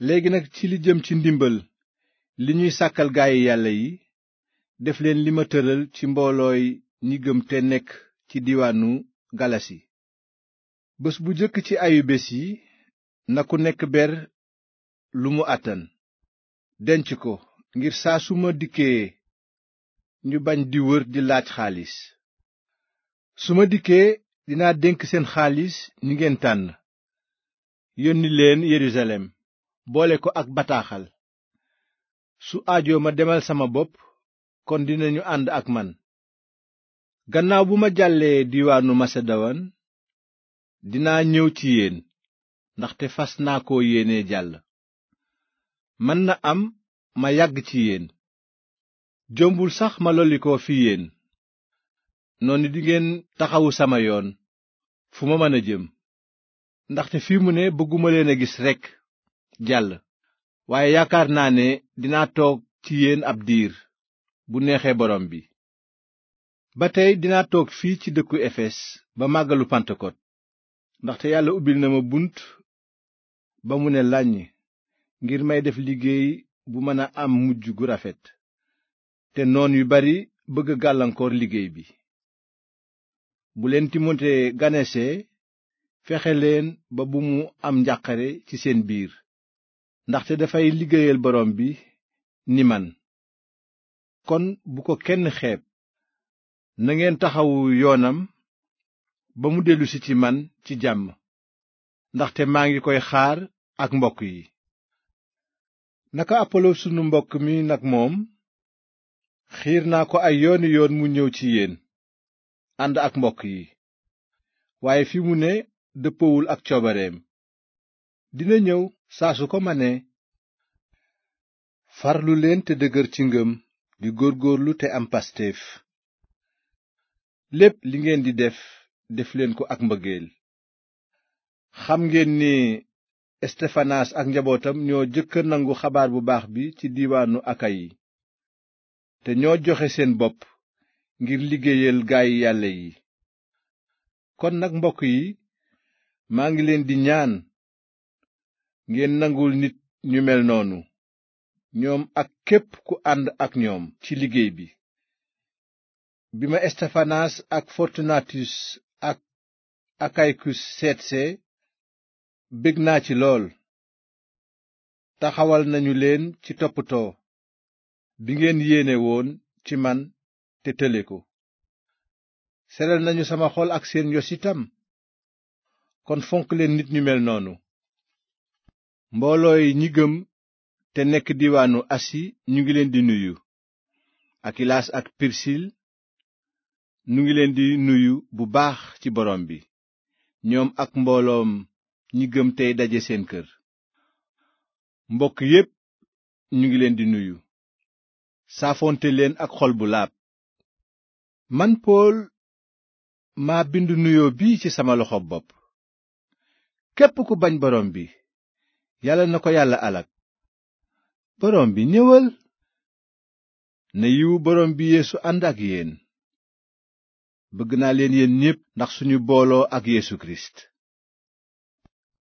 léegi nag ci li jëm ci ndimbal li ñuy sàkkal gaayi yàlla yi def leen li ma tëral ci mboolooy ñi gëm te nekk ci diwaanu galasi bés bu jëkk ci bés yi na ku nekk ber lu mu àttan denc ko ngir saa su ma dikkee ñu bañ di wër di laaj xaalis su ma dikkee dinaa denk seen xaalis ñi ngeen tànn yónni boole ko ak bataaxal su aajoo ma demal sama bopp kon dinañu ànd ak man gannaaw bu ma jàllee diiwaanu masedowan dinaa ñëw ci yéen ndaxte fas naa ko yéene jàll man na am ma yàgg ci yéen jombul sax ma lollikoo fi yéen noonu dingeen taxawu sama yoon fu ma mën a jëm ndaxte fii mu ne bëgguma leen a gis rekk jàll waaye yaakaar naa ne dinaa toog ci yéen ab diir bu neexee borom bi ba tey dinaa toog fii ci dëkku efes ba màggalu pantekot ndaxte yàlla ubbil na ma bunt ba mu ne làññ ngir may def liggéey bu mën a am mujj gu rafet te noon yu bari bëgg gàllankoor liggéey bi bu leen timote ganese fexe leen ba bu mu am njàqare ci seen biir ndaxte dafay liggéeyal borom bi ni man kon bu ko kenn xeeb nangeen taxawu yoonam ba mu dellusi ci man ci jàmm ndaxte maa ngi koy xaar ak mbokk yi naka apolo sunu mbokk mi nag moom xiir naa ko ay yooni yoon mu ñëw ci yéen ànd ak mbokk yi waaye fi mu ne dëppowul ak coobareem dina ñëw saa su ko manee farlu leen te dëgër ci ngëm di góor góorlu te am pasteef lépp li ngeen di def def leen ko ak mbëggeel xam ngeen ni stefanaas ak njabootam ñoo jëkk nangu xabaar bu baax bi ci diiwaanu akayi te ñoo joxe seen bopp ngir liggéeyal gaay yàlla yi kon nag mbokk yi maa ngi leen di ñaan ngeen nangul nit ñu mel noonu ñoom ak képp ku ànd ak ñoom ci liggéey bi bi ma estefanas ak fortunatus ak akaykus seetse bég naa ci lool taxawal nañu leen ci toppatoo bi ngeen yéene woon ci man te tële ko seral nañu sama xol ak seen yos itam kon fonk leen nit ñu mel noonu mbooloo yi ñi gëm te nekk diwaanu asi ñu ngi leen di nuyu akilaas ak pirsil ñu ngi leen di nuyu bu baax ci borom bi ñoom ak mbooloom ñi gëm tey daje seen kër mbokk yépp ñu ngi leen di nuyu saafonte leen ak xol bu laab man pool maa bind nuyoo bii ci sama loxo bopp képp ku bañ borom bi yàlla na ko yàlla alag boroom bi ñëwal na yiwu boroom bi yeesu ànd ak yéen bëgg naa leen yéen ñépp ndax suñu booloo ak yeesu kirist